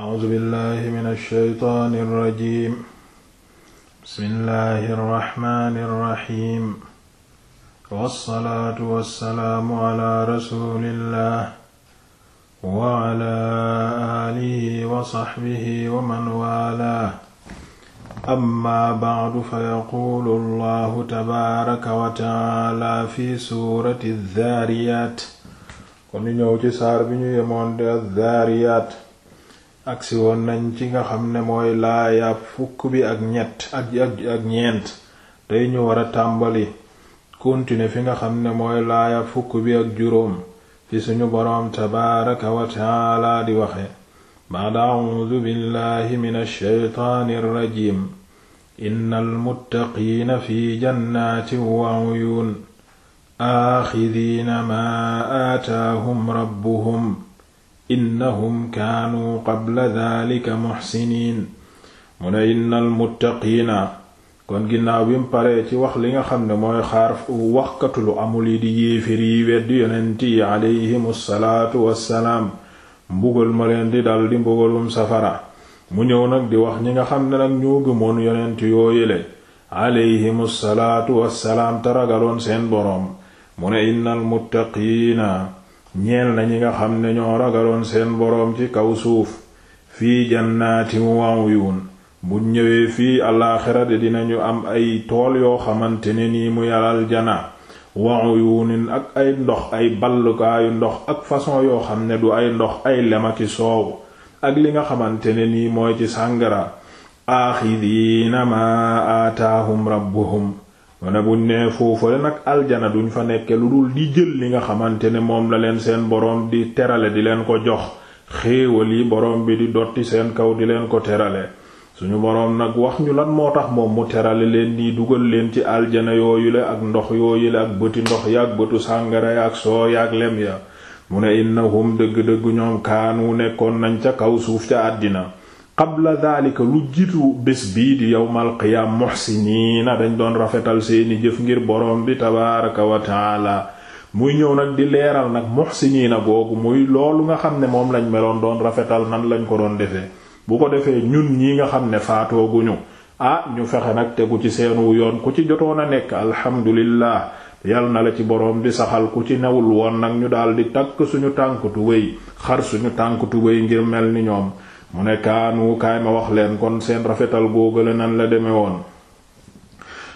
a'uuzu billahi mina shaytaani rajiim bismillahi rahmaani rahiim wassalaatu wassalaamu ala rasulillah wa ala aalihi wa saxbihi wa man waalaahu amma ba'du fa yaquulu allahu tabaaraka wa ta'aala fi suurati adh-dhaariyaat kon ñu ñëw ci saar bi ñu yemoon di adh-dhaariyaat agsi woon nañ ci nga xam ne mooy laaya fukk bi ak ñett ak ak ñeent tey ñu war a tàmbali continuer fi nga xam ne mooy laaya fukk bi ak juróom fi suñu boroom tabaaraka wa taala di waxe baada awudu billahi min alsheytaani irrajim inna almuttaqiina fi jannaati wa uyuun aaxidiina maa aataahum rabbuhum innahum kaanuu qabla daalika muxsiniin mu ne innal muttaqiina kon ginnaaw bi mu paree ci wax li nga xam ne mooy xaar waxkatu lu amul yi di yéefir yi weddi yonent yi aleyhimu salaatu wassalaam mbugal ma leen di dal di mbugalum safara mu ñëw nag di wax ñi nga xam ne nag ñoo gëmoon yonent yoo yéle aleyhimu salaatu wassalaam taragaloon seen boroom mu ne innal muttaqiina ñeel na ñi nga xam ne ñoo ragaloon seen boroom ci kaw suuf fii jannaati wa uyun buñ ñëwee fii alaaxira de dinañu am ay tool yoo xamante ne nii mu yaral jana wa uyunin ak ay ndox ay ballukaayu ndox ak façon yoo xam ne du ay ndox ay lemaki soow ak li nga xamante ne nii mooy ci sàngara aaxidiina ma aataahum rabbuhum mu ne buñ nee foofale nag aljana duñ fa nekke lu dul di jël li nga xamante ne moom la leen seen boroom di terale di leen ko jox xéewal yi boroom bi di dotti seen kaw di leen ko terale suñu boroom nag wax ñu lan moo tax moom mu terale leen nii dugal leen ci aljana yooyu yooyule ak ndox yooyule ak bëti ndox ya bëtu sàngara ya ak soo ya ak lem ya mu ne innahum dëgg-dëgg ñoom wu nekkoon nañ ca kaw suuf ca àddina xabla daalika lu jiitu bés bii di yowmal qiyaam muhsiniina dañ doon rafetal seeni jëf ngir borom bi tabaaraka wa taala muy ñëw nag di leeral nag muhsiniina googu muy loolu nga xam ne moom lañ meloon doon rafetal nan lañ ko doon defee bu ko defee ñun ñi nga xam ne faatooguñu ah ñu fexe nag tegu ci seenu yoon ku ci jotoon a nekk alhamdulillah yal na la ci boroom bi saxal ku ci newul woon nag ñu daldi takk suñu tànk tuwéy xar suñu tànk tuwéy ngir mel ni ñoom mu ne kaanu kaay ma wax leen kon seen rafetal góogale nan la deme woon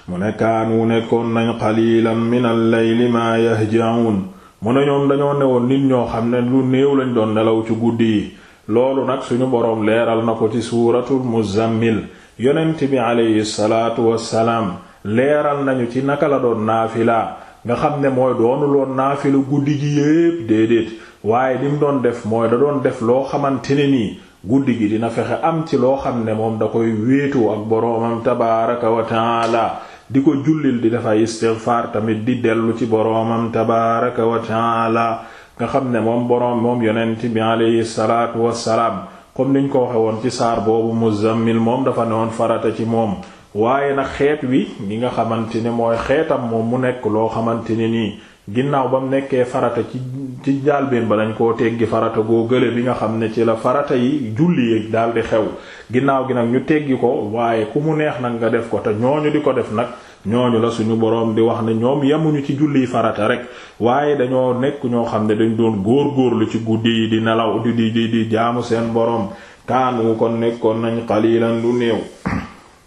mu ne kaanu nekkoon nañ xaliilan minal layli maa yahjaun mu ne ñoom dañoo woon nit ñoo xam ne lu néew lañ doon nelaw ci guddi yi loolu nag suñu boroom leeral na ko ci suuratul muzammil yonent bi aleyhi salaatu wassalaam leeral nañu ci naka la doon naafila nga xam ne mooy doonu loon naafila guddi gi yépp déedéet waaye li mu doon def mooy da doon def loo xamante ne nii guddi gi dina fexe am ci loo xam ne moom da koy wéetoo ak boroomam tabaaraka wa taala di ko jullil di dafay istighfar tamit di dellu ci boroomam tabaaraka wa taala nga xam ne moom boroom moom yonent bi alayhi salaatu wassalaam comme niñ ko waxe woon ci saar boobu muzammil moom dafa newoon farata ci moom waaye nag xeet wi ñi nga xamante ne mooy xeetam moom mu nekk loo xamante ne nii ginnaaw ba mu nekkee farata ci ci jaalbeen ba dañ koo teggi farata goo gële bi nga xam ne ci la farata yi julli yéeg daal di xew ginnaaw gi nag ñu teggi ko waaye ku mu neex nag nga def ko te ñooñu di ko def nag ñooñu la suñu boroom di wax ne ñoom yemuñu ci julli farata rek waaye dañoo nekk ñoo xam ne dañ doon góor-góorlu ci guddi yi di nelaw di di di jaamu seen boroom kaanu kon nekkoon nañ xalilan lu néew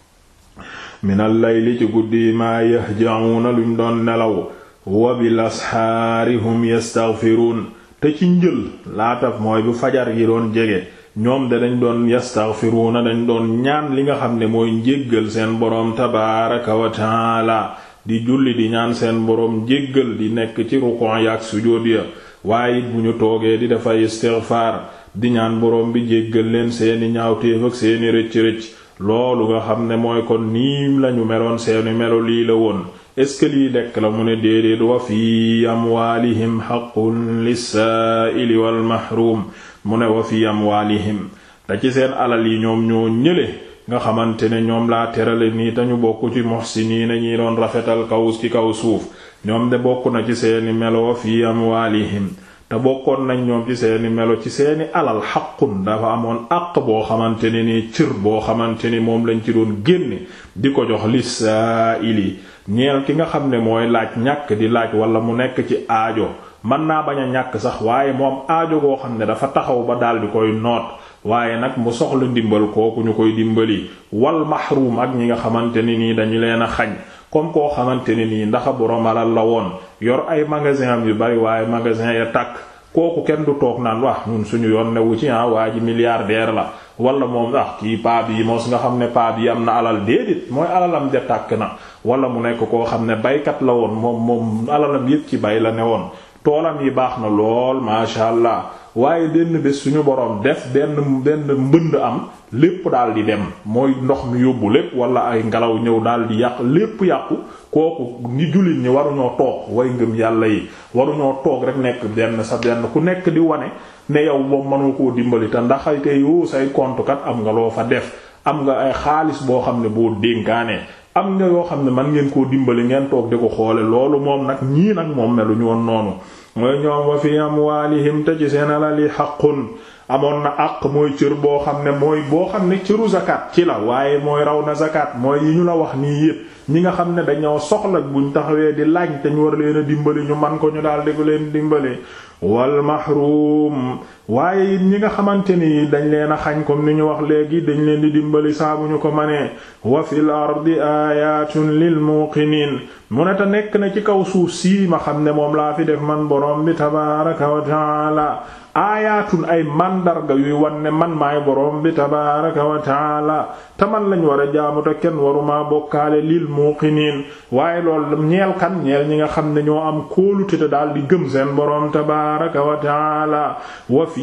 minal layli ci guddi yi maa yahjauna luñ doon nelaw wobi bil asxaari hum yastaghfiruun te ci njël laataf mooy bu fajar yi doon jege ñoom de dañ doon yastaghfiruuna dañ doon ñaan li nga xam ne mooy njéggal seen boroom tabaaraka wa taala di julli di ñaan seen boroom njéggal di nekk ci ruqon yaak sujóot ya waaye it bu ñu toogee di dafa istighfaar di ñaan boroom bi jéggal leen seeni ñaawteef ak seeni rëcc rëcc loolu nga xam ne mooy kon nii lañu meloon seeni melo lii la woon est-ce que lii lekk la mu ne déedéet wa fi amwaalihim haqqun lis-saa'ili wal mahrum mu ne wa fi amwaalihim te ci seen alal yi ñoom ñoo ñële nga xamante ne ñoom laa terale nii te ñu bokk ci muhsiniina ñi doon rafetal kaw ci kaw suuf ñoom de bokk na ci seeni melo wa fi amwaalihim te bokkoon nañ ñoom ci seeni melo ci seeni alal xaqun dafa amoon àq boo xamante ne nii cër boo xamante ni moom lañ ci doon génne di ko jox lis-saa'ili ñeel ki nga xam ne mooy laaj ñàkk di laaj wala mu nekk ci aajo mën naa bañ a ñàkk sax waaye moom aajo goo xam ne dafa taxaw ba daal di koy noot waaye nag mu soxla ndimbal kooku ñu koy dimbali wal mahrum ak ñi nga xamante ne nii dañu leen a xañ comme koo xamante ne nii ndax boroom alal la woon yor ay magasin yu bari waaye magasin ya tàkk kooku kenn du toog naan waa ñun suñu yoon newu ci ah waa ji milliardaire la wala moom ah kii yi bii mos nga xam ne paa yi am na alal déedéet mooy alalam ja tàkk na wala mu nekk koo xam ne baykat la woon moom moom alalam yépp ci bay la ne woon toolam yi baax na lool masha Allah waaye benn bés suñu boroom def benn benn mbënd am lépp daal di dem mooy ndox mi yóbbu lépp wala ay ngelaw ñëw daal di yàq lépp yàqu kooku ni jullit ñi waruñoo toog way ngëm yàlla yi waruñoo toog rek nekk denn sa benn ku nekk di wane ne yow moom mënu koo dimbali te ndax ay tey yoo say compte kat am nga loo fa def am nga ay xaalis boo xam ne boo dénkaane. am nga yoo xam ne man ngeen koo dimbali ngeen toog di ko xoole loolu moom nag ñii nag moom meluñu woon noonu mooy ñoom wa fi amwaalihim te ci seen alal yi xaqun amoon na àq mooy cër boo xam ne mooy boo xam ne cëru zakat ci la waaye mooy raw na zakat mooy yi ñu la wax nii yépp ñi nga xam ne dañoo soxla buñ taxawee di laaj te ñu war leen dimbali ñu man ko ñu daal di ko leen dimbali wal mahrum waaye it ñi nga xamante ni dañ leen a xañ comme ni ñu wax léegi dañ leen di dimbali saabuñu ko manee wa fil ardi aayatun lil muuqinin mu ne te nekk na ci kaw suuf sii ma xam ne moom laa fi def man borom bi tabaaraka wa taala aayaatun ay màndarga yuy wan ne man maay borom bi tabaaraka wa taala te man lañ war a jaamu kenn waruma bokkaale lil muuqiniin waaye loolu ñeel kan ñeel ñi nga xam ne ñoo am kóolute te daal di gëm seen borom tabaaraka wa taala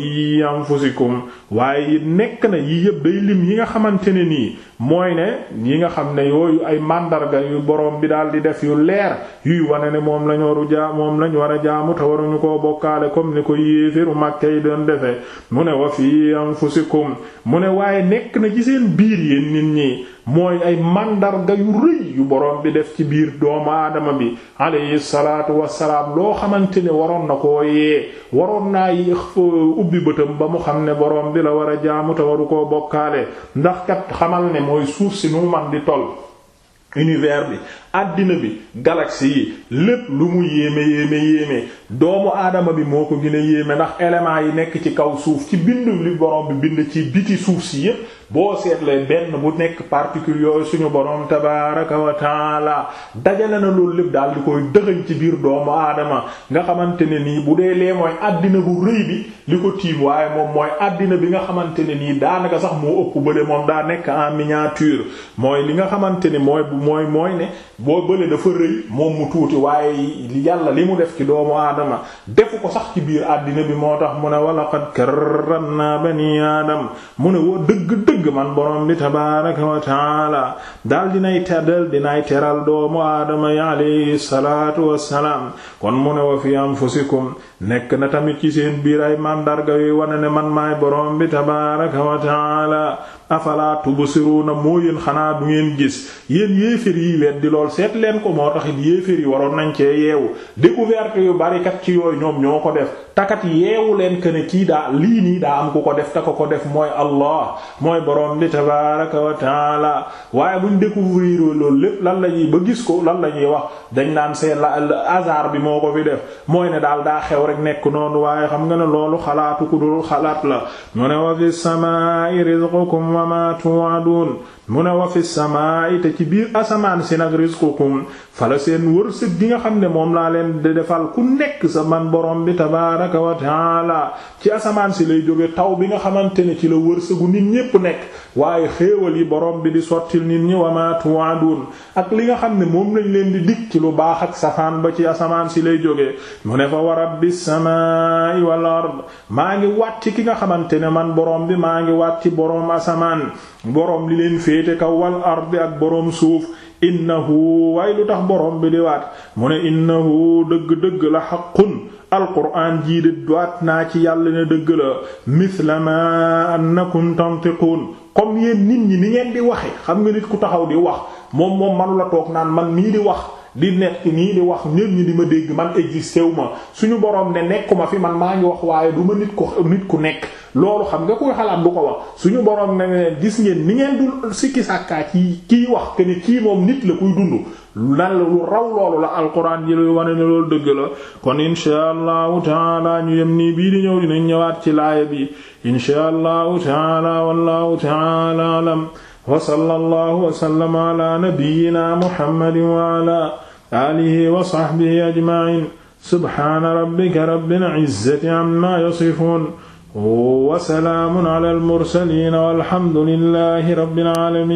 fi anfusikum waaye nekk na yi yëpp day lim yi nga xamante ne nii mooy ne yi nga xam ne yooyu ay màndarga yu borom bi daal di def yu leer yuy wane ne moom lañu waru jaa moom lañu war a jaamu waruñu koo bokkaale comme ni ko yéeféru Makka yi doon defee mu ne fii anfusikum mu ne waaye nekk na ci seen biir yéen nit ñi mooy ay màndarga yu borom bi def ci biir doomu aadama bi alayhi salaatu wassalaam loo xamante ne waroon na koo waroon naa euh, ubbi bëtam ba mu xam ne borom bi war a jaamu waru koo bokkaale ndax kat xamal ne mooy suuf si nu man di tol univers bi àddina bi galaxie yi lépp lu mu yéeme yéeme yéeme doomu aadama bi moo ko gën yéeme ndax éléments yi nekk ci kaw suuf ci bindu li borom bi bind ci biti suuf si yépp boo seetlee benn bu nekk particule yooyu suñu borom tabaaraka wa taala dajale na loolu lépp daal di koy dëxëñ ci biir doomu aadama nga xamante ne nii bu dee lee mooy àddina bu rëy bi li ko tiim waaye moom mooy àddina bi nga xamante ne nii daanaka sax moo ëpp bële moom daa nekk en miniature mooy li nga xamante ne mooy mooy mooy ne boo bële dafa rëy moom mu tuuti waaye yàlla li mu def ci doomu aadama defu ko sax ci biir àddina bi moo tax mu ne walaqad dëgg man borom bi tabaaraka wa taala dal dinay teral dinay teral doomu aadama yi alayhi salaatu wassalaam kon mu ne wa fi anfusikum nekk na tamit ci seen biir ay màndarga yuy wane ne man maay borom tabaaraka wa taala afala tubsiruna moo yéen xanaa du ngeen gis yéen yéefér yi weddi lool seet leen ko moo taxit yéefér yi waroon nañ cee yeewu découverte yu bari kat ci yooyu ñoom ñoo ko def takat yeewu leen que ne kii daa lii nii daa am ku ko def ta ko ko def mooy Allah mooy borom bi tabaraka wa taala waaye buñ découvrir loolu lépp lan la ñuy ba gis ko lan la ñuy wax dañ naan c'est la hasard bi moo ko fi def mooy ne daal daa xew rek nekk noonu waaye xam nga ne loolu xalaatu xalaat la wa ma tu'adun mu ne wa fi samaa'i te ci biir asamaan si nag rizqukum fala seen wërsëg gi nga xam ne moom laa leen di defal ku nekk sa man boroom bi tabaaraka wa taala ci asamaan si lay jóge taw bi nga xamante ne ci la wërsëgu nit ñépp nekk waaye xéewal yi boroom bi di sottil nit ñi wamaatu ma tu'adun ak li nga xam ne moom lañ leen di dig ci lu baax ak safaan ba ci asamaan si lay jóge mu ne fa wa rabbis samaa'i wal ard maa ngi wàcc ki nga xamante ne man borom bi maa ngi wàcc borom asamaan borom féete kaw wal ardi ak boroom suuf innahu waay lu tax boroom bi di waat mu ne innahu dëgg-dëgg la xaqun alquraan jii di waat naa ci yàlla ne dëgg la misla ma annakum tantiqun comme yéen nit ñi ni ngeen di waxe xam nga nit ku taxaw di wax moom moom manu la toog naan man mii di wax di nekk nii di wax ñépp ñi di ma dégg man existé wu ma suñu boroom ne nekkuma fi man maa ngi wax waaye du ma nit ku ku nekk loolu xam nga koy xalaat du ko wax suñu boroom ne gis ngeen ni ngeen dul sikki sàkkaa ci kii wax que ni kii moom nit la kuy dund lan lu raw loolu la alquran ji luy wane ne loolu dëgg la kon insha allahu taala ñu yem nii bii di ñëw dinañ ñëwaat ci laaya bi insha allahu taala wallahu taala alam wa sallallahu wa sallama ala nabiyyina aalihi wa saxbihi ajmaciin subxaana rabbika rabbil izzati amma yasifuun wa salaamun alal mursaliin walhamdu lillaahi rabbil aalamiin